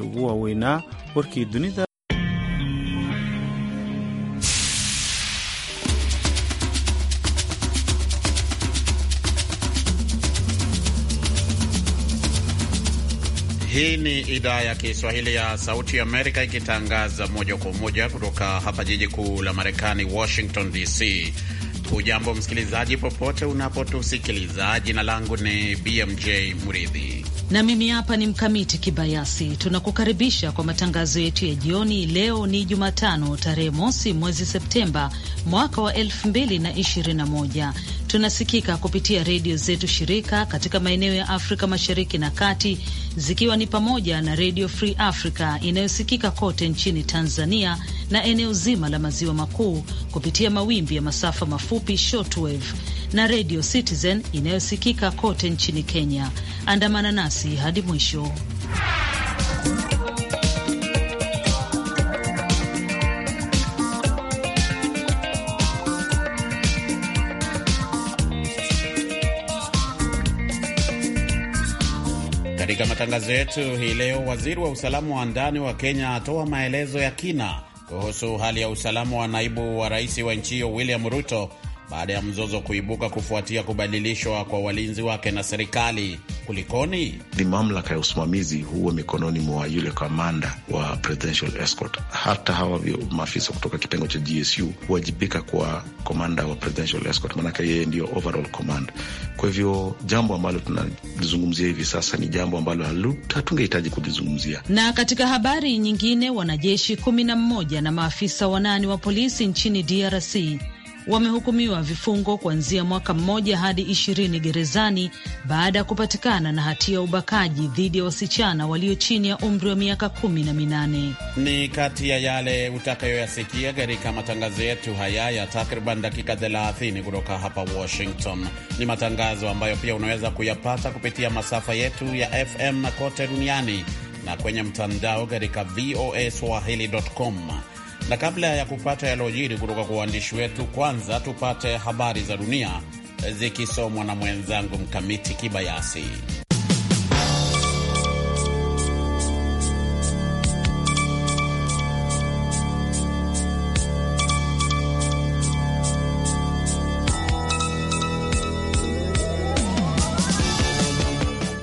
ugu waaweynaa warkii dunida. Hii ni idhaa ya Kiswahili ya Sauti Amerika ikitangaza moja kwa moja kutoka hapa jiji kuu la Marekani, Washington DC. Hujambo msikilizaji, popote unapotusikiliza. Jina langu ni BMJ Muridhi na mimi hapa ni Mkamiti Kibayasi. Tunakukaribisha kwa matangazo yetu ya jioni. Leo ni Jumatano, tarehe mosi mwezi Septemba mwaka wa 2021. Tunasikika kupitia redio zetu shirika katika maeneo ya Afrika Mashariki na Kati, zikiwa ni pamoja na Redio Free Africa inayosikika kote nchini Tanzania na eneo zima la maziwa makuu kupitia mawimbi ya masafa mafupi shortwave na Radio Citizen inayosikika kote nchini Kenya. Andamana nasi hadi mwisho. Katika matangazo yetu hii leo, waziri wa usalama wa ndani wa Kenya atoa maelezo ya kina kuhusu hali ya usalama wa naibu wa rais wa nchi hiyo William Ruto baada ya mzozo kuibuka kufuatia kubadilishwa kwa walinzi wake na serikali. Kulikoni? Ni mamlaka ya usimamizi huwa mikononi mwa yule kamanda wa presidential escort. Hata hawa maafisa kutoka kitengo cha GSU huwajibika kwa komanda wa presidential escort, maanake yeye ndio overall command. Kwa hivyo jambo ambalo tunalizungumzia hivi sasa ni jambo ambalo hatungehitaji kulizungumzia. Na katika habari nyingine, wanajeshi kumi na mmoja na maafisa wanane wa polisi nchini DRC wamehukumiwa vifungo kuanzia mwaka mmoja hadi ishirini gerezani baada ya kupatikana na hatia ya ubakaji dhidi ya wasichana walio chini ya umri wa miaka kumi na minane. Ni kati ya yale utakayoyasikia katika matangazo yetu haya ya takriban dakika 30 kutoka hapa Washington. Ni matangazo ambayo pia unaweza kuyapata kupitia masafa yetu ya FM kote duniani na kwenye mtandao katika voa swahili.com. Na kabla ya kupata yaliojiri kutoka kwa waandishi wetu, kwanza tupate habari za dunia eh, zikisomwa na mwenzangu Mkamiti Kibayasi.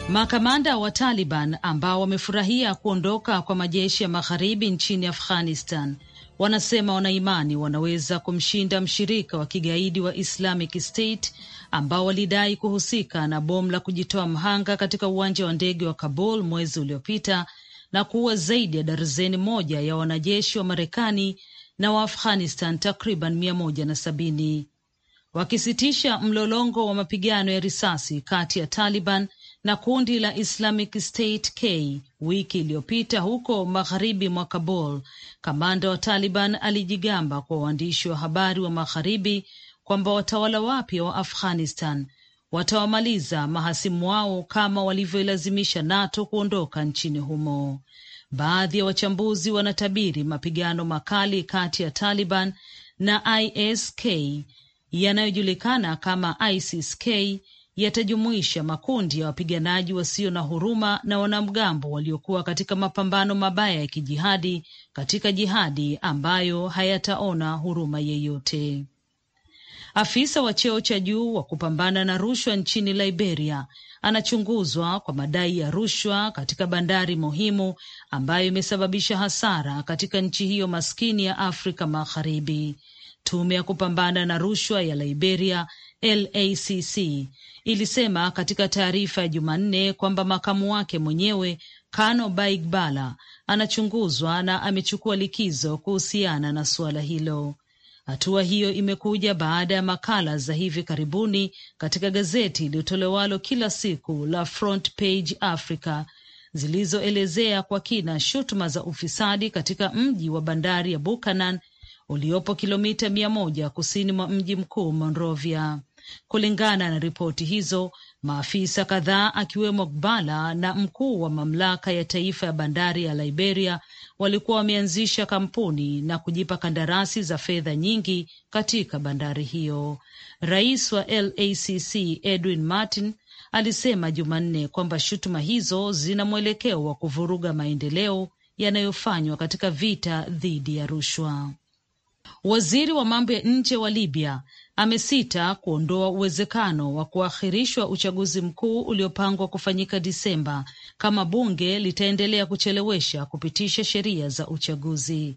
Makamanda wa Taliban ambao wamefurahia kuondoka kwa majeshi ya magharibi nchini Afghanistan wanasema wanaimani wanaweza kumshinda mshirika wa kigaidi wa Islamic State ambao walidai kuhusika na bomu la kujitoa mhanga katika uwanja wa ndege wa Kabul mwezi uliopita na kuua zaidi ya darzeni moja ya wanajeshi wa Marekani na wa Afghanistan takriban mia moja na sabini wakisitisha mlolongo wa mapigano ya risasi kati ya Taliban na kundi la Islamic State K wiki iliyopita huko magharibi mwa Kabul. Kamanda wa Taliban alijigamba kwa waandishi wa habari wa magharibi kwamba watawala wapya wa Afghanistan watawamaliza mahasimu wao kama walivyoilazimisha NATO kuondoka nchini humo. Baadhi ya wachambuzi wanatabiri mapigano makali kati ya Taliban na ISK yanayojulikana kama ISIS K yatajumuisha makundi ya wapiganaji wasio na huruma na wanamgambo waliokuwa katika mapambano mabaya ya kijihadi katika jihadi ambayo hayataona huruma yeyote. Afisa wa cheo cha juu wa kupambana na rushwa nchini Liberia anachunguzwa kwa madai ya rushwa katika bandari muhimu ambayo imesababisha hasara katika nchi hiyo maskini ya Afrika Magharibi. Tume ya kupambana na rushwa ya Liberia LACC ilisema katika taarifa ya Jumanne kwamba makamu wake mwenyewe Kano Baigbala anachunguzwa na amechukua likizo kuhusiana na suala hilo. Hatua hiyo imekuja baada ya makala za hivi karibuni katika gazeti iliyotolewalo kila siku la Front Page Africa zilizoelezea kwa kina shutuma za ufisadi katika mji wa bandari ya Buchanan uliopo kilomita mia moja kusini mwa mji mkuu Monrovia. Kulingana na ripoti hizo, maafisa kadhaa akiwemo Gbala na mkuu wa mamlaka ya taifa ya bandari ya Liberia walikuwa wameanzisha kampuni na kujipa kandarasi za fedha nyingi katika bandari hiyo. Rais wa LACC Edwin Martin alisema Jumanne kwamba shutuma hizo zina mwelekeo wa kuvuruga maendeleo yanayofanywa katika vita dhidi ya rushwa. Waziri wa mambo ya nje wa Libya amesita kuondoa uwezekano wa kuahirishwa uchaguzi mkuu uliopangwa kufanyika Disemba kama bunge litaendelea kuchelewesha kupitisha sheria za uchaguzi.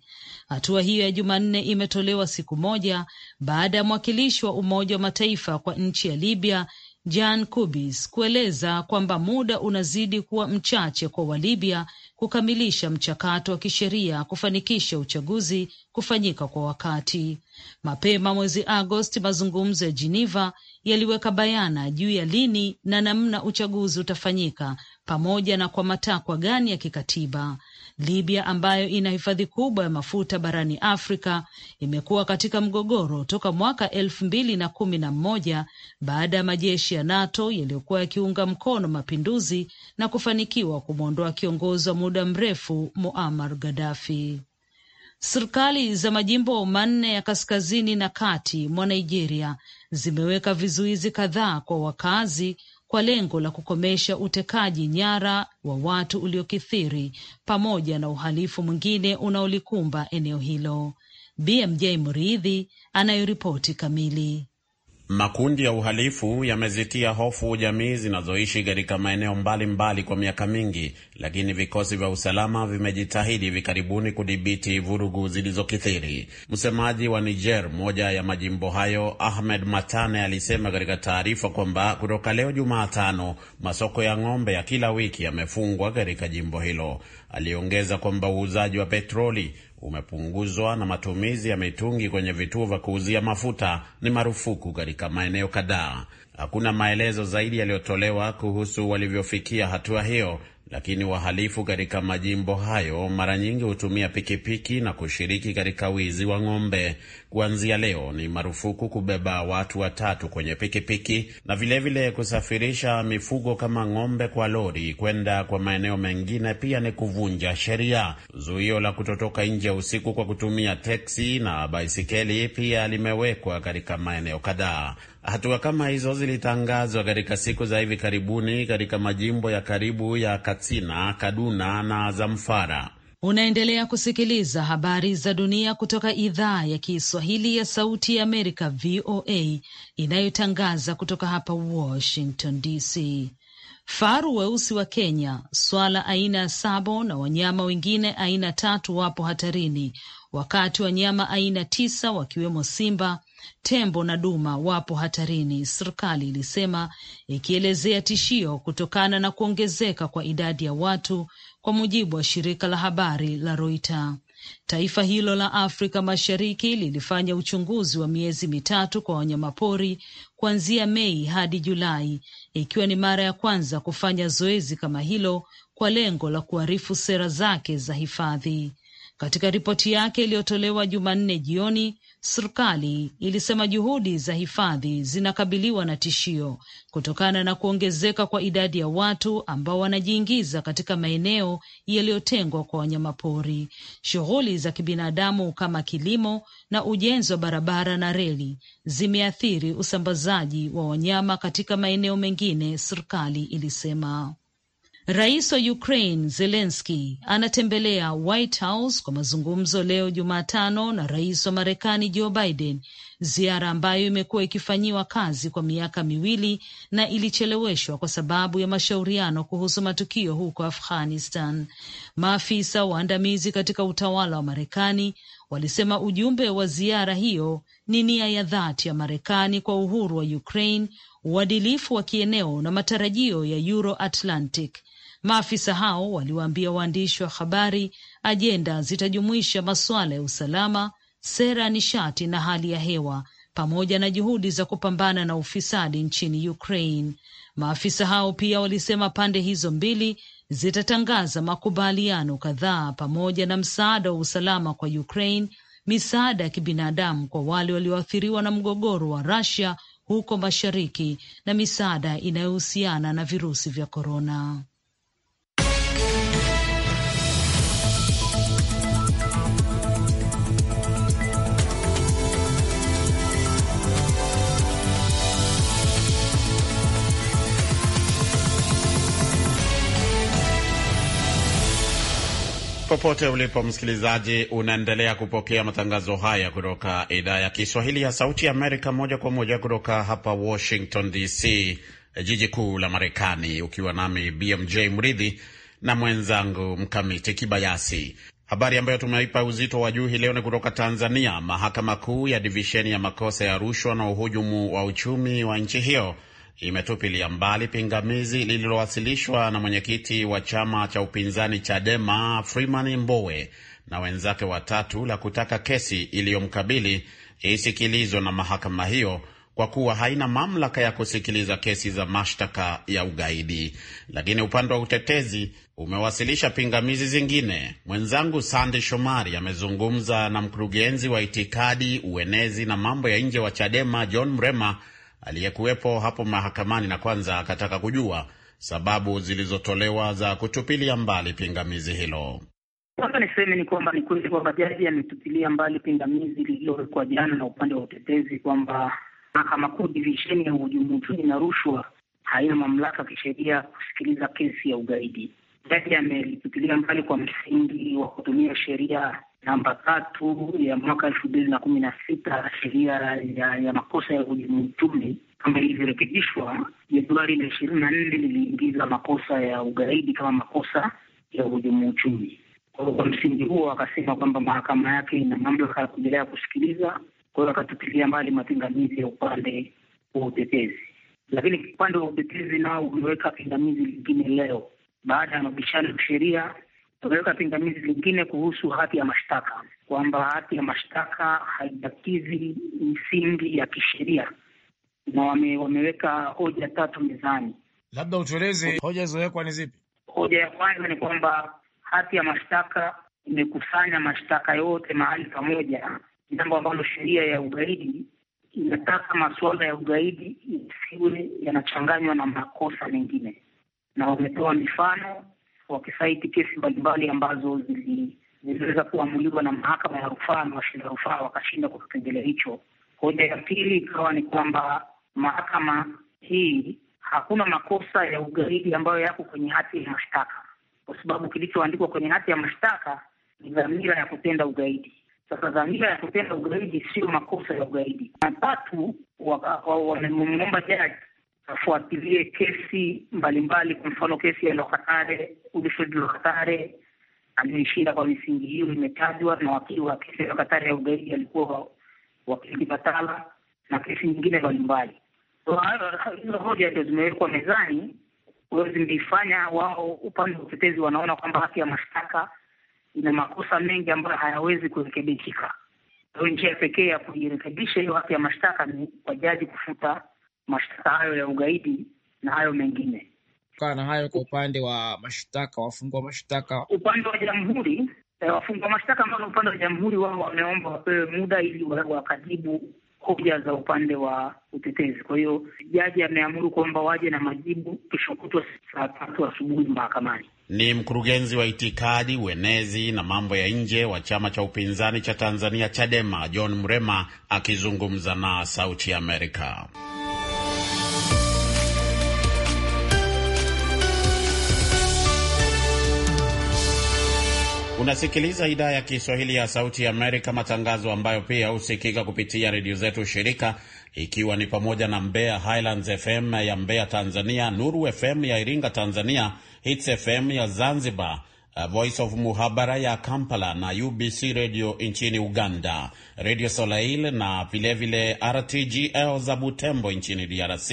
Hatua hiyo ya Jumanne imetolewa siku moja baada ya mwakilishi wa Umoja wa Mataifa kwa nchi ya Libya Jan Kubis kueleza kwamba muda unazidi kuwa mchache kwa Walibya kukamilisha mchakato wa kisheria kufanikisha uchaguzi kufanyika kwa wakati. Mapema mwezi Agosti, mazungumzo ya Jiniva yaliweka bayana juu ya lini na namna uchaguzi utafanyika pamoja na kwa matakwa gani ya kikatiba. Libya ambayo ina hifadhi kubwa ya mafuta barani Afrika imekuwa katika mgogoro toka mwaka elfu mbili na kumi na mmoja baada ya majeshi ya NATO yaliyokuwa yakiunga mkono mapinduzi na kufanikiwa kumwondoa kiongozi wa muda mrefu Muammar Gaddafi. Serikali za majimbo manne ya kaskazini na kati mwa Nigeria zimeweka vizuizi kadhaa kwa wakazi kwa lengo la kukomesha utekaji nyara wa watu uliokithiri pamoja na uhalifu mwingine unaolikumba eneo hilo. BMJ Mridhi anayoripoti kamili. Makundi ya uhalifu yamezitia hofu jamii zinazoishi katika maeneo mbalimbali mbali kwa miaka mingi, lakini vikosi vya usalama vimejitahidi hivi karibuni kudhibiti vurugu zilizokithiri. Msemaji wa Niger, moja ya majimbo hayo, Ahmed Matane, alisema katika taarifa kwamba kutoka leo Jumatano, masoko ya ng'ombe ya kila wiki yamefungwa katika jimbo hilo. Aliongeza kwamba uuzaji wa petroli umepunguzwa na matumizi ya mitungi kwenye vituo vya kuuzia mafuta ni marufuku katika maeneo kadhaa. Hakuna maelezo zaidi yaliyotolewa kuhusu walivyofikia hatua hiyo lakini wahalifu katika majimbo hayo mara nyingi hutumia pikipiki na kushiriki katika wizi wa ng'ombe. Kuanzia leo ni marufuku kubeba watu watatu kwenye pikipiki na vilevile vile kusafirisha mifugo kama ng'ombe kwa lori kwenda kwa maeneo mengine pia ni kuvunja sheria. Zuio la kutotoka nje usiku kwa kutumia teksi na baisikeli pia limewekwa katika maeneo kadhaa. Hatua kama hizo zilitangazwa katika siku za hivi karibuni katika majimbo ya karibu ya Kat Katsina, Kaduna na Zamfara. Unaendelea kusikiliza habari za dunia kutoka idhaa ya Kiswahili ya Sauti ya Amerika, VOA, inayotangaza kutoka hapa Washington DC. Faru weusi wa Kenya, swala aina ya sabo na wanyama wengine aina tatu wapo hatarini, wakati wanyama aina tisa wakiwemo simba Tembo na duma wapo hatarini, serikali ilisema, ikielezea tishio kutokana na kuongezeka kwa idadi ya watu, kwa mujibu wa shirika la habari la Reuters. Taifa hilo la Afrika Mashariki lilifanya uchunguzi wa miezi mitatu kwa wanyamapori kuanzia Mei hadi Julai, ikiwa ni mara ya kwanza kufanya zoezi kama hilo kwa lengo la kuharifu sera zake za hifadhi. Katika ripoti yake iliyotolewa Jumanne jioni, Serikali ilisema juhudi za hifadhi zinakabiliwa na tishio kutokana na kuongezeka kwa idadi ya watu ambao wanajiingiza katika maeneo yaliyotengwa kwa wanyamapori. Shughuli za kibinadamu kama kilimo na ujenzi wa barabara na reli zimeathiri usambazaji wa wanyama katika maeneo mengine, serikali ilisema. Rais wa Ukraine Zelensky anatembelea White House kwa mazungumzo leo Jumatano na rais wa Marekani Joe Biden, ziara ambayo imekuwa ikifanyiwa kazi kwa miaka miwili na ilicheleweshwa kwa sababu ya mashauriano kuhusu matukio huko Afghanistan. Maafisa waandamizi katika utawala wa Marekani walisema ujumbe wa ziara hiyo ni nia ya dhati ya Marekani kwa uhuru wa Ukraine, uadilifu wa kieneo na matarajio ya Euro Atlantic Maafisa hao waliwaambia waandishi wa habari ajenda zitajumuisha masuala ya usalama, sera ya nishati na hali ya hewa pamoja na juhudi za kupambana na ufisadi nchini Ukraine. Maafisa hao pia walisema pande hizo mbili zitatangaza makubaliano kadhaa pamoja na msaada wa usalama kwa Ukraine, misaada ya kibinadamu kwa wale walioathiriwa na mgogoro wa Russia huko mashariki na misaada inayohusiana na virusi vya korona. Popote ulipo msikilizaji, unaendelea kupokea matangazo haya kutoka idhaa ya Kiswahili ya Sauti Amerika, moja kwa moja kutoka hapa Washington DC, jiji kuu la Marekani, ukiwa nami BMJ Mridhi na mwenzangu Mkamiti Kibayasi. Habari ambayo tumeipa uzito wa juu hii leo ni kutoka Tanzania. Mahakama Kuu ya Divisheni ya Makosa ya Rushwa na Uhujumu wa Uchumi wa nchi hiyo imetupilia mbali pingamizi lililowasilishwa na mwenyekiti wa chama cha upinzani Chadema Freeman Mbowe na wenzake watatu la kutaka kesi iliyomkabili isikilizwe na mahakama hiyo kwa kuwa haina mamlaka ya kusikiliza kesi za mashtaka ya ugaidi. Lakini upande wa utetezi umewasilisha pingamizi zingine. Mwenzangu Sandi Shomari amezungumza na mkurugenzi wa itikadi, uenezi na mambo ya nje wa Chadema John Mrema aliyekuwepo hapo mahakamani na kwanza akataka kujua sababu zilizotolewa za kutupilia mbali pingamizi hilo. Kwanza niseme ni kwamba ni kweli kwamba jaji ametupilia mbali pingamizi lililowekwa jana na upande wa utetezi kwamba mahakama kuu divisheni ya uhujumu uchumi na rushwa haina mamlaka kisheria kusikiliza kesi ya ugaidi. Jaji amelitupilia mbali kwa msingi wa kutumia sheria namba tatu ya mwaka elfu mbili na kumi na sita sheria ya, ya makosa ya hujumu uchumi kama ilivyorekebishwa Februari la ishirini na nne liliingiza makosa ya ugaidi kama makosa ya hujumu uchumi. Kwa hiyo kwa msingi huo akasema kwamba mahakama yake ina mamlaka ya kuendelea kusikiliza. Kwa hiyo akatupilia mbali mapingamizi ya upande wa utetezi, lakini upande wa utetezi nao uliweka pingamizi lingine leo baada ya mabishano ya sheria tumeweka pingamizi lingine kuhusu hati ya mashtaka, kwamba hati ya mashtaka haibatizi misingi ya kisheria, na wame, wameweka hoja tatu mezani. Labda utueleze hoja zilizowekwa ni zipi? Hoja ya kwanza ni kwamba hati ya mashtaka imekusanya mashtaka yote mahali pamoja, jambo ambalo sheria ya ugaidi inataka masuala ya ugaidi isiwe yanachanganywa na makosa mengine, na wametoa mifano wakisaiti kesi mbalimbali ambazo ziliweza kuamuliwa na mahakama ya rufaa na washinda rufaa wakashinda kwa kipengele hicho. Hoja ya pili ikawa ni kwamba mahakama hii hakuna makosa ya ugaidi ambayo yako kwenye hati ya mashtaka, kwa sababu kilichoandikwa kwenye hati ya mashtaka ni dhamira ya kutenda ugaidi. Sasa dhamira ya kutenda ugaidi siyo makosa ya ugaidi. Na tatu, wamemwomba jaji afuatilie kesi mbalimbali. Kwa mfano kesi ya Lokatare, Godfred Lokatare alishinda kwa misingi hiyo imetajwa, na wakili wa kesi ya Lokatare ya ugaidi alikuwa wakili Kibatala na kesi nyingine mbalimbali. Hizo hoja ndio zimewekwa mezani, zimeifanya wao upande wa utetezi wanaona kwamba haki ya mashtaka ina makosa mengi ambayo hayawezi kurekebishika. njia pekee ya kuirekebisha hiyo haki ya mashtaka ni kwa jaji kufuta mashtaka hayo ya ugaidi na hayo mengine. Kana hayo kwa upande wa mashtaka, wafungwa mashtaka, upande wa jamhuri eh, wafungwa mashtaka ambao upande wa jamhuri wao wameomba wapewe muda ili wakajibu hoja za upande wa utetezi. Kwa hiyo jaji ameamuru kwamba waje na majibu kesho kutwa saa tatu asubuhi mahakamani. Ni mkurugenzi wa itikadi, uenezi na mambo ya nje wa chama cha upinzani cha Tanzania Chadema, John Mrema akizungumza na Sauti ya Amerika. Unasikiliza idhaa ya Kiswahili ya Sauti ya Amerika, matangazo ambayo pia husikika kupitia redio zetu shirika, ikiwa ni pamoja na Mbeya Highlands FM ya Mbeya Tanzania, Nuru FM ya Iringa Tanzania, Hits FM ya Zanzibar, uh, Voice of Muhabara ya Kampala na UBC Radio nchini Uganda, Radio Solail na vilevile RTGL za Butembo nchini DRC.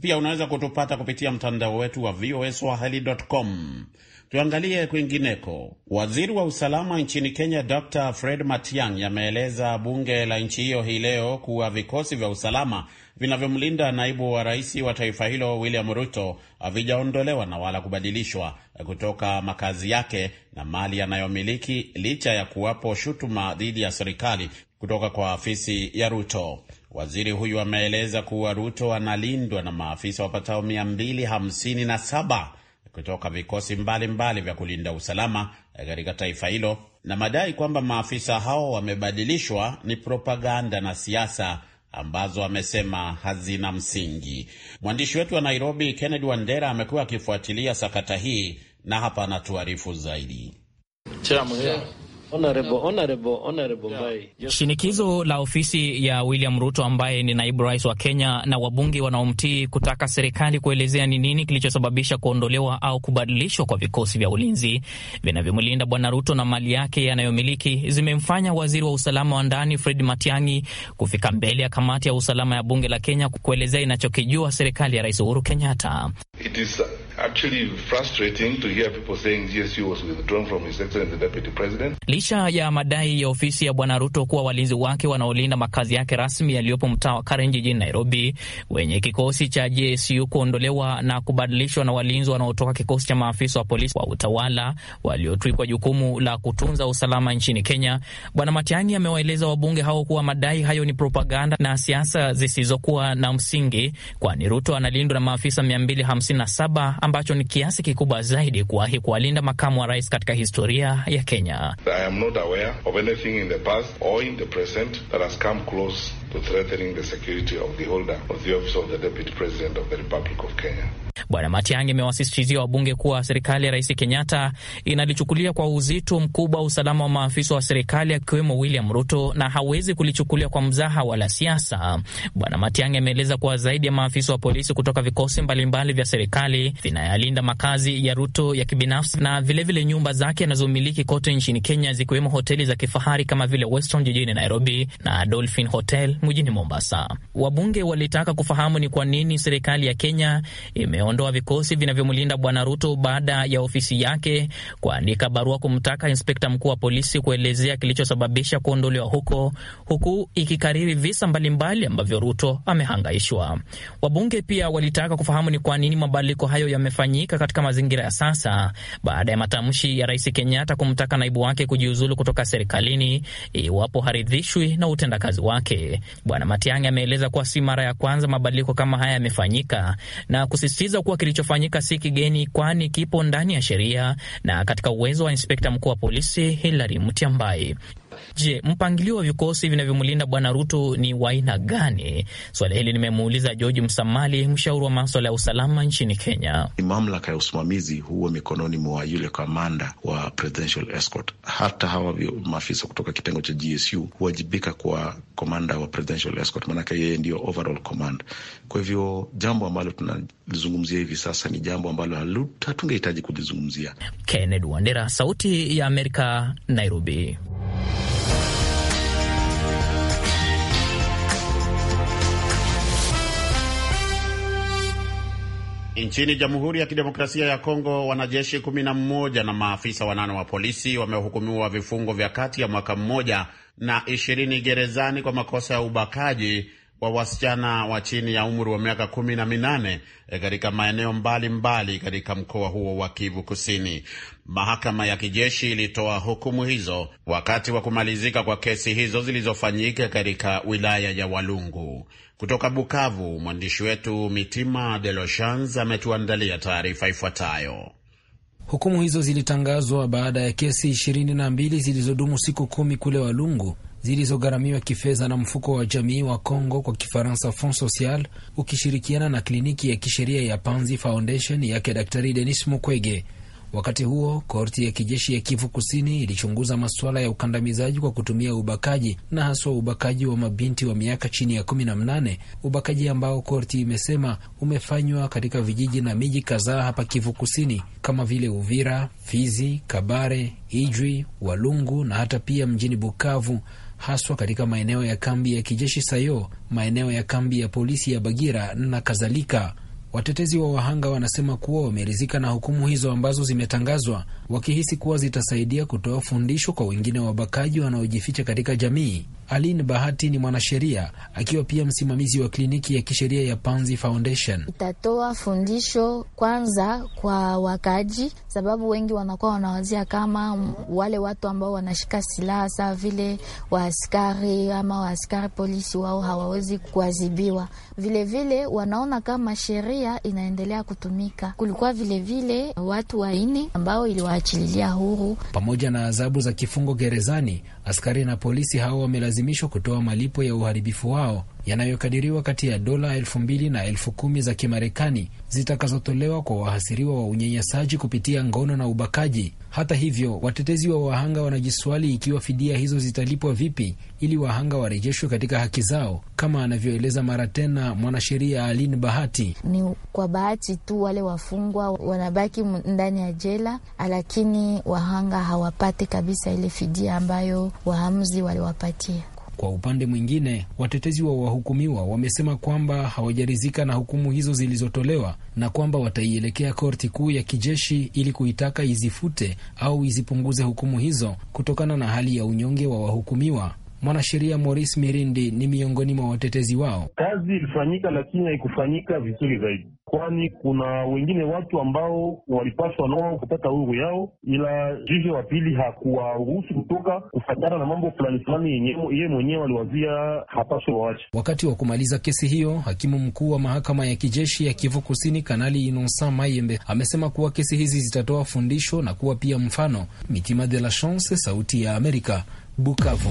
Pia unaweza kutupata kupitia mtandao wetu wa voa voaswahili.com. Tuangalie kwingineko. Waziri wa usalama nchini Kenya Dr Fred Matiang'i ameeleza bunge la nchi hiyo hii leo kuwa vikosi vya usalama vinavyomlinda naibu wa rais wa taifa hilo William Ruto havijaondolewa na wala kubadilishwa kutoka makazi yake na mali yanayomiliki licha ya kuwapo shutuma dhidi ya serikali kutoka kwa afisi ya Ruto. Waziri huyu ameeleza kuwa Ruto analindwa na maafisa wapatao 257 kutoka vikosi mbalimbali mbali vya kulinda usalama eh, katika taifa hilo, na madai kwamba maafisa hao wamebadilishwa ni propaganda na siasa ambazo amesema hazina msingi. Mwandishi wetu wa Nairobi, Kennedy Wandera, amekuwa akifuatilia sakata hii na hapa anatuarifu zaidi. yeah. Honorable, honorable, honorable yeah. Shinikizo la ofisi ya William Ruto ambaye ni naibu rais wa Kenya na wabunge wanaomtii kutaka serikali kuelezea ni nini kilichosababisha kuondolewa au kubadilishwa kwa vikosi vya ulinzi vinavyomlinda Bwana Ruto na mali yake yanayomiliki zimemfanya waziri wa usalama wa ndani Fred Matiang'i kufika mbele ya kamati ya usalama ya bunge la Kenya kuelezea inachokijua serikali ya Rais Uhuru Kenyatta. Licha ya madai ya ofisi ya Bwana Ruto kuwa walinzi wake wanaolinda makazi yake rasmi yaliyopo mtaa wa Karen jijini Nairobi wenye kikosi cha JSU kuondolewa na kubadilishwa na walinzi wanaotoka kikosi cha maafisa wa polisi wa utawala waliotwikwa jukumu la kutunza usalama nchini Kenya, Bwana Matiang'i amewaeleza wabunge hao kuwa madai hayo ni propaganda na siasa zisizokuwa na msingi, kwani Ruto analindwa na maafisa 257 ambacho ni kiasi kikubwa zaidi kuwahi kuwalinda makamu wa rais katika historia ya Kenya. I I'm not aware of anything in the past or in the present that has come close Bwana Matiang'i amewasisitizia wabunge kuwa serikali ya Rais Kenyatta inalichukulia kwa uzito mkubwa usalama wa maafisa wa serikali akiwemo William Ruto na hawezi kulichukulia kwa mzaha wala siasa. Bwana Matiang'i ameeleza kuwa zaidi ya maafisa wa polisi kutoka vikosi mbalimbali vya serikali vinayalinda makazi ya Ruto ya kibinafsi na vilevile vile nyumba zake anazomiliki kote nchini Kenya, zikiwemo hoteli za kifahari kama vile Weston jijini Nairobi na Dolphin Hotel mjini Mombasa. Wabunge walitaka kufahamu ni kwa nini serikali ya Kenya imeondoa vikosi vinavyomlinda Bwana Ruto baada ya ofisi yake kuandika barua kumtaka inspekta mkuu wa polisi kuelezea kilichosababisha kuondolewa huko, huku ikikariri visa mbalimbali ambavyo Ruto amehangaishwa. Wabunge pia walitaka kufahamu ni kwa nini mabadiliko hayo yamefanyika katika mazingira ya sasa baada ya matamshi ya Rais Kenyatta kumtaka naibu wake kujiuzulu kutoka serikalini iwapo haridhishwi na utendakazi wake. Bwana Matiang'i ameeleza kuwa si mara ya kwanza mabadiliko kama haya yamefanyika na kusisitiza kuwa kilichofanyika si kigeni, kwani kipo ndani ya sheria na katika uwezo wa inspekta mkuu wa polisi Hilary Mutyambai. Je, mpangilio wa vikosi vinavyomlinda Bwana Ruto ni wa aina gani? Swali hili nimemuuliza George Msamali, mshauri wa maswala ya usalama nchini Kenya. ni Mamlaka ya usimamizi huwa mikononi mwa yule kamanda wa presidential escort. Hata hawa maafisa kutoka kitengo cha GSU huwajibika kwa komanda wa presidential escort, maanake yeye ndio overall command. Kwa hivyo jambo ambalo tunalizungumzia hivi sasa ni jambo ambalo hatungehitaji kulizungumzia. Kennedy Wandera, Sauti ya Amerika, Nairobi. Nchini Jamhuri ya Kidemokrasia ya Kongo, wanajeshi kumi na mmoja na maafisa wanane wa polisi wamehukumiwa vifungo vya kati ya mwaka mmoja na ishirini gerezani kwa makosa ya ubakaji wa wasichana wa chini ya umri wa miaka kumi na minane eh, katika maeneo mbalimbali katika mkoa huo wa Kivu Kusini. Mahakama ya kijeshi ilitoa hukumu hizo wakati wa kumalizika kwa kesi hizo zilizofanyika katika wilaya ya Walungu. Kutoka Bukavu, mwandishi wetu Mitima De Lochans ametuandalia taarifa ifuatayo. Hukumu hizo zilitangazwa baada ya kesi ishirini na mbili zilizodumu siku kumi kule Walungu zilizogharamiwa kifedha na mfuko wa jamii wa Congo kwa Kifaransa Fond Social ukishirikiana na kliniki ya kisheria ya Panzi Foundation yake Daktari Denis Mukwege. Wakati huo korti ya kijeshi ya Kivu Kusini ilichunguza masuala ya ukandamizaji kwa kutumia ubakaji na haswa ubakaji wa mabinti wa miaka chini ya kumi na mnane, ubakaji ambao korti imesema umefanywa katika vijiji na miji kadhaa hapa Kivu Kusini kama vile Uvira, Fizi, Kabare, Ijwi, Walungu na hata pia mjini Bukavu haswa katika maeneo ya kambi ya kijeshi Sayo, maeneo ya kambi ya polisi ya Bagira na kadhalika. Watetezi wa wahanga wanasema kuwa wameridhika na hukumu hizo ambazo zimetangazwa, wakihisi kuwa zitasaidia kutoa fundisho kwa wengine wabakaji wanaojificha katika jamii. Alin Bahati ni mwanasheria akiwa pia msimamizi wa kliniki ya kisheria ya Panzi Foundation. Itatoa fundisho kwanza kwa wakaji, sababu wengi wanakuwa wanawazia kama wale watu ambao wanashika silaha saa vile waaskari ama waaskari polisi, wao hawawezi kuadhibiwa. Vilevile wanaona kama sheria inaendelea kutumika. Kulikuwa vilevile vile watu waine ambao iliwaachililia huru pamoja na adhabu za kifungo gerezani. Askari na polisi hao wamelazimika kulazimishwa kutoa malipo ya uharibifu wao yanayokadiriwa kati ya dola elfu mbili na elfu kumi za Kimarekani zitakazotolewa kwa wahasiriwa wa unyanyasaji kupitia ngono na ubakaji. Hata hivyo, watetezi wa wahanga wanajiswali ikiwa fidia hizo zitalipwa vipi ili wahanga warejeshwe katika haki zao, kama anavyoeleza mara tena mwanasheria alin Bahati. Ni kwa bahati tu wale wafungwa wanabaki ndani ya jela, lakini wahanga hawapati kabisa ile fidia ambayo waamuzi waliwapatia. Kwa upande mwingine, watetezi wa wahukumiwa wamesema kwamba hawajarizika na hukumu hizo zilizotolewa na kwamba wataielekea korti kuu ya kijeshi ili kuitaka izifute au izipunguze hukumu hizo kutokana na hali ya unyonge wa wahukumiwa. Mwanasheria Maurice Mirindi ni miongoni mwa watetezi wao. Kazi ilifanyika lakini haikufanyika vizuri zaidi kwani kuna wengine watu ambao walipaswa nao kupata uhuru yao, ila jiji wa pili hakuwaruhusu kutoka kufatana na mambo fulani fulani yeye mwenyewe aliwazia hapaswa wawache Wakati wa kumaliza kesi hiyo, hakimu mkuu wa mahakama ya kijeshi ya Kivu Kusini Kanali Inonsa Mayembe amesema kuwa kesi hizi zitatoa fundisho na kuwa pia mfano. Mitima de la Chance, Sauti ya Amerika, Bukavu.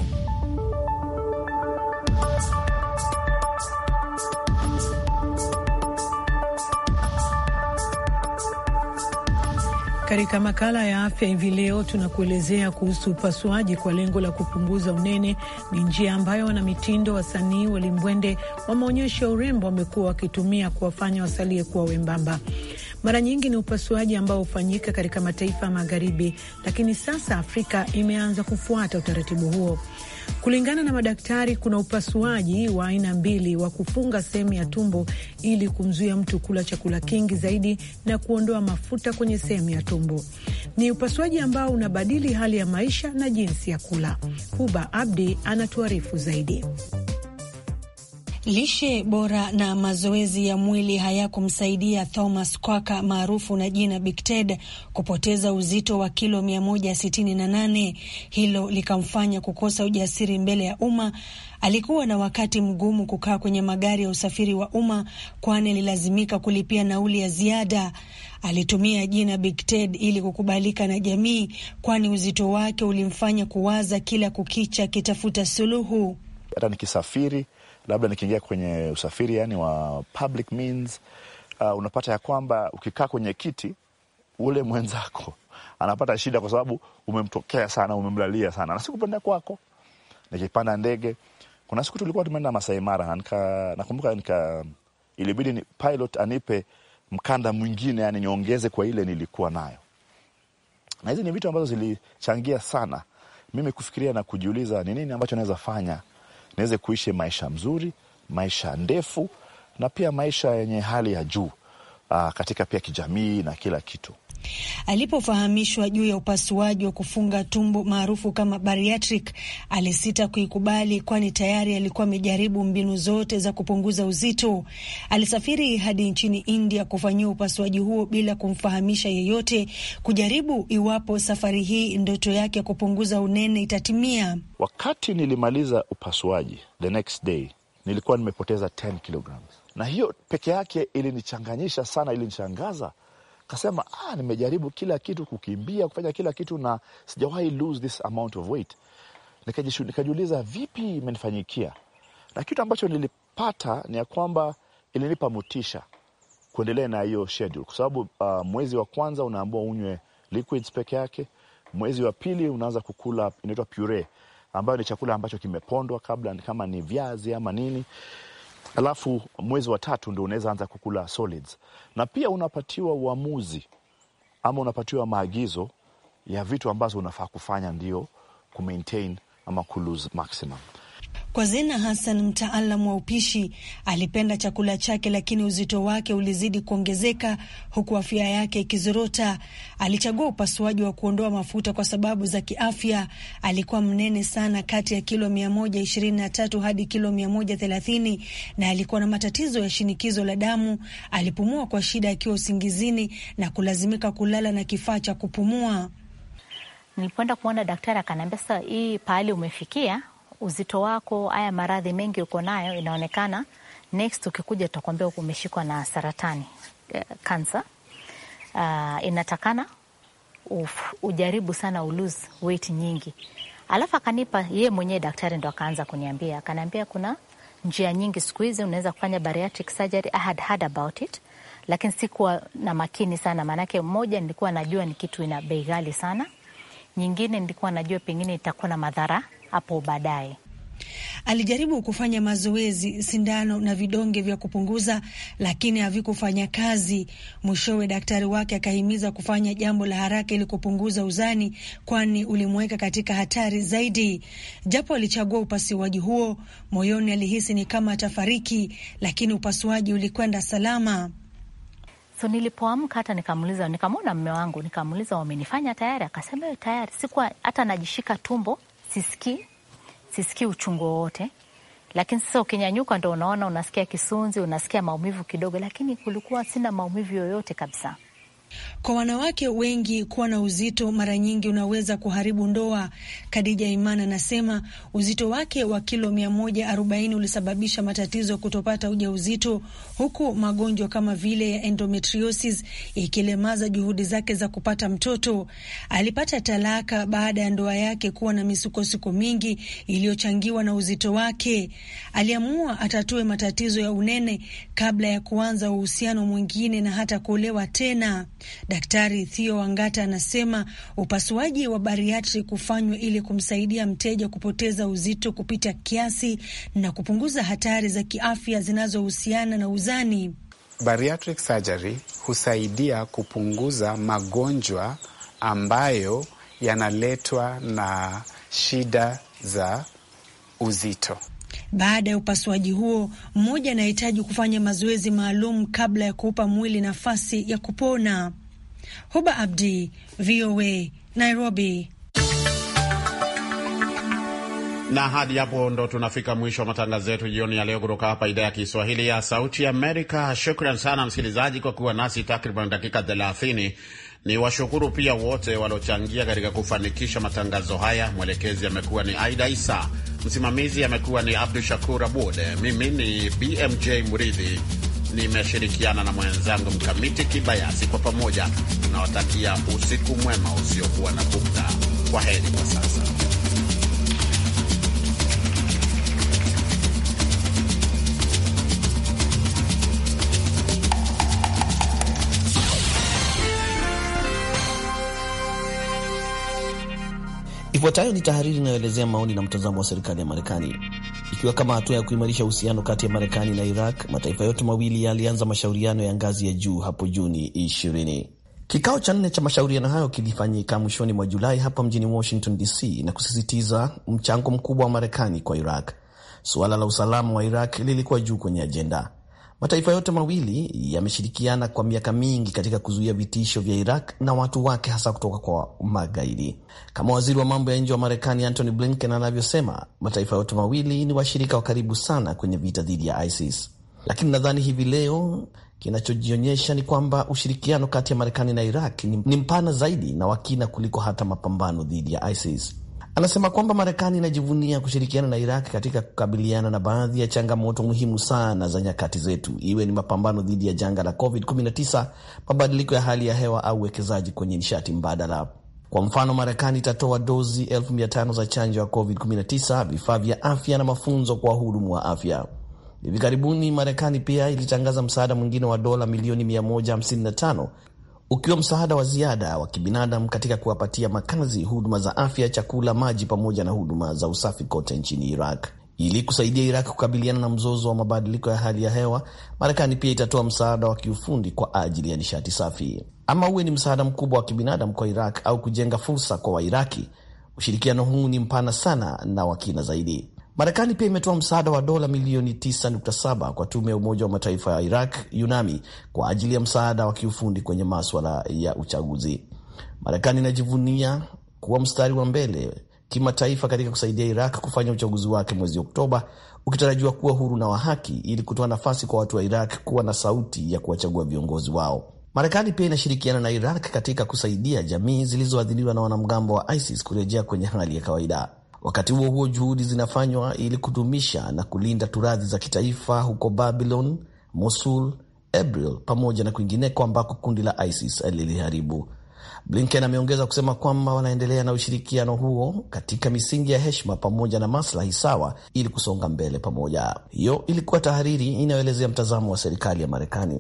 Katika makala ya afya hivi leo tunakuelezea kuhusu upasuaji kwa lengo la kupunguza unene. Ni njia ambayo wanamitindo, wasanii, walimbwende wa maonyesho ya urembo wamekuwa wakitumia kuwafanya wasalie kuwa wembamba. Mara nyingi ni upasuaji ambao hufanyika katika mataifa ya magharibi, lakini sasa Afrika imeanza kufuata utaratibu huo. Kulingana na madaktari, kuna upasuaji wa aina mbili wa kufunga sehemu ya tumbo ili kumzuia mtu kula chakula kingi zaidi na kuondoa mafuta kwenye sehemu ya tumbo. Ni upasuaji ambao unabadili hali ya maisha na jinsi ya kula. Huba Abdi anatuarifu zaidi. Lishe bora na mazoezi ya mwili hayakumsaidia Thomas Kwaka maarufu na jina Big Ted kupoteza uzito wa kilo 168. Hilo likamfanya kukosa ujasiri mbele ya umma. Alikuwa na wakati mgumu kukaa kwenye magari ya usafiri wa umma, kwani alilazimika kulipia nauli ya ziada. Alitumia jina Big Ted ili kukubalika na jamii, kwani uzito wake ulimfanya kuwaza kila kukicha, akitafuta suluhu. Hata nikisafiri labda nikiingia kwenye usafiri yani wa public means, uh, unapata ya kwamba ukikaa kwenye kiti ule mwenzako anapata shida kwa sababu umemtokea sana, umemlalia sana, na sikupenda kwako. Nikipanda ndege, kuna siku tulikuwa tumeenda Masai Mara, nika nakumbuka nika ilibidi ni pilot anipe mkanda mwingine, yani niongeze kwa ile nilikuwa nayo, na hizi ni vitu ambazo zilichangia sana mimi kufikiria na kujiuliza ni nini ambacho naweza fanya niweze kuishi maisha mzuri, maisha ndefu na pia maisha yenye hali ya juu aa, ah, katika pia kijamii na kila kitu. Alipofahamishwa juu ya upasuaji wa kufunga tumbo maarufu kama bariatric, alisita kuikubali, kwani tayari alikuwa amejaribu mbinu zote za kupunguza uzito. Alisafiri hadi nchini India kufanyia upasuaji huo bila kumfahamisha yeyote, kujaribu iwapo safari hii ndoto yake ya kupunguza unene itatimia. Wakati nilimaliza upasuaji, the next day nilikuwa nimepoteza 10 kilograms, na hiyo peke yake ilinichanganyisha sana, ilinishangaza Kasema ah, nimejaribu kila kitu, kukimbia, kufanya kila kitu na sijawahi lose this amount of weight. Nikajishu, Nikajiuliza vipi imenifanyikia, na kitu ambacho nilipata ni ya kwamba ilinipa motisha kuendelea na hiyo schedule, kwa sababu uh, mwezi wa kwanza unaambua unywe liquids peke yake. Mwezi wa pili unaanza kukula inaitwa puree, ambayo ni chakula ambacho kimepondwa kabla, kama ni viazi ama nini alafu mwezi wa tatu ndio unaweza anza kukula solids, na pia unapatiwa uamuzi ama unapatiwa maagizo ya vitu ambazo unafaa kufanya ndio kumaintain ama kulose maximum. Kwa Zena Hassan, mtaalamu wa upishi, alipenda chakula chake, lakini uzito wake ulizidi kuongezeka huku afya yake ikizorota. Alichagua upasuaji wa kuondoa mafuta kwa sababu za kiafya. Alikuwa mnene sana, kati ya kilo 123 hadi kilo 130, na alikuwa na matatizo ya shinikizo la damu. Alipumua kwa shida akiwa usingizini na kulazimika kulala na kifaa cha kupumua. Nilipoenda kuona daktari, akaniambia sasa, hii pahali umefikia uzito wako, haya maradhi mengi uko nayo, inaonekana next ukikuja utakwambia umeshikwa na saratani kansa. Eh, uh, uh, inatakana uf, ujaribu sana uluse weight nyingi. Alafu akanipa ye mwenyewe daktari ndo akaanza kuniambia, akaniambia kuna njia nyingi siku hizi unaweza kufanya bariatric surgery. I had heard about it lakini sikuwa na makini sana, maanake mmoja nilikuwa najua ni kitu ina bei ghali sana, nyingine nilikuwa najua pengine itakuwa na madhara hapo baadaye. Alijaribu kufanya mazoezi, sindano na vidonge vya kupunguza, lakini havikufanya kazi. Mwishowe daktari wake akahimiza kufanya jambo la haraka ili kupunguza uzani, kwani ulimweka katika hatari zaidi. Japo alichagua upasuaji huo, moyoni alihisi ni kama atafariki, lakini upasuaji ulikwenda salama. So nilipoamka hata nikamuuliza, nikamwona mme wangu, nikamuuliza wamenifanya tayari? Akasema tayari. Sikuwa hata najishika tumbo sisikii, sisikii uchungu wowote. Lakini sasa ukinyanyuka, ndo unaona unasikia kisunzi, unasikia maumivu kidogo, lakini kulikuwa sina maumivu yoyote kabisa. Kwa wanawake wengi, kuwa na uzito mara nyingi unaweza kuharibu ndoa. Khadija Iman anasema uzito wake wa kilo 140 ulisababisha matatizo ya kutopata ujauzito, huku magonjwa kama vile ya endometriosis ikilemaza juhudi zake za kupata mtoto. Alipata talaka baada ya ndoa yake kuwa na misukosuko mingi iliyochangiwa na uzito wake. Aliamua atatue matatizo ya unene kabla ya kuanza uhusiano mwingine na hata kuolewa tena. Daktari Theo Wangata anasema upasuaji wa bariatri kufanywa ili kumsaidia mteja kupoteza uzito kupita kiasi na kupunguza hatari za kiafya zinazohusiana na uzani. Bariatric surgery husaidia kupunguza magonjwa ambayo yanaletwa na shida za uzito. Baada ya upasuaji huo, mmoja anahitaji kufanya mazoezi maalum kabla ya kuupa mwili nafasi ya kupona. Huba Abdi, VOA, Nairobi. Na hadi hapo ndo tunafika mwisho wa matangazo yetu jioni ya leo kutoka hapa idhaa ya Kiswahili ya Sauti Amerika. Shukran sana msikilizaji kwa kuwa nasi takriban dakika 30. Ni washukuru pia wote waliochangia katika kufanikisha matangazo haya. Mwelekezi amekuwa ni Aida Isa. Msimamizi amekuwa ni Abdu Shakur Abud. Mimi ni BMJ Muridhi, nimeshirikiana na mwenzangu Mkamiti Kibayasi. Kwa pamoja tunawatakia usiku mwema usiokuwa na kumta Kwa heri kwa sasa. Ifuatayo ni tahariri inayoelezea maoni na mtazamo wa serikali ya Marekani. Ikiwa kama hatua ya kuimarisha uhusiano kati ya Marekani na Iraq, mataifa yote mawili yalianza mashauriano ya ngazi ya juu hapo Juni 20. Kikao cha nne cha mashauriano hayo kilifanyika mwishoni mwa Julai hapa mjini Washington DC na kusisitiza mchango mkubwa wa Marekani kwa Iraq. Suala la usalama wa Iraq lilikuwa juu kwenye ajenda. Mataifa yote mawili yameshirikiana kwa miaka mingi katika kuzuia vitisho vya Iraq na watu wake, hasa kutoka kwa magaidi. Kama waziri wa mambo ya nje wa Marekani Antony Blinken anavyosema, mataifa yote mawili ni washirika wa karibu sana kwenye vita dhidi ya ISIS, lakini nadhani hivi leo kinachojionyesha ni kwamba ushirikiano kati ya Marekani na Iraq ni mpana zaidi na wakina kuliko hata mapambano dhidi ya ISIS. Anasema kwamba Marekani inajivunia kushirikiana na Iraq katika kukabiliana na baadhi ya changamoto muhimu sana za nyakati zetu, iwe ni mapambano dhidi ya janga la COVID-19, mabadiliko ya hali ya hewa au uwekezaji kwenye nishati mbadala. Kwa mfano, Marekani itatoa dozi 5 za chanjo ya COVID-19, vifaa vya afya na mafunzo kwa wahudumu wa afya. Hivi karibuni Marekani pia ilitangaza msaada mwingine wa dola milioni 155 ukiwa msaada wa ziada wa kibinadamu katika kuwapatia makazi, huduma za afya, chakula, maji pamoja na huduma za usafi kote nchini Iraq. Ili kusaidia Iraq kukabiliana na mzozo wa mabadiliko ya hali ya hewa, Marekani pia itatoa msaada wa kiufundi kwa ajili ya nishati safi. Ama uwe ni msaada mkubwa wa kibinadamu kwa Iraq au kujenga fursa kwa Wairaki, ushirikiano huu ni mpana sana na wa kina zaidi. Marekani pia imetoa msaada wa dola milioni 9.7 kwa tume ya Umoja wa Mataifa ya Iraq UNAMI kwa ajili ya msaada wa kiufundi kwenye maswala ya uchaguzi. Marekani inajivunia kuwa mstari wa mbele kimataifa katika kusaidia Iraq kufanya uchaguzi wake mwezi Oktoba ukitarajiwa kuwa huru na wa haki ili kutoa nafasi kwa watu wa Iraq kuwa na sauti ya kuwachagua viongozi wao. Marekani pia inashirikiana na Iraq katika kusaidia jamii zilizoathiriwa na wanamgambo wa ISIS kurejea kwenye hali ya kawaida. Wakati huo huo, juhudi zinafanywa ili kudumisha na kulinda turathi za kitaifa huko Babylon, Mosul, Abril pamoja na kwingineko ambako kundi la ISIS liliharibu. Blinken ameongeza kusema kwamba wanaendelea na ushirikiano huo katika misingi ya heshima pamoja na maslahi sawa ili kusonga mbele pamoja. Hiyo ilikuwa tahariri inayoelezea mtazamo wa serikali ya Marekani.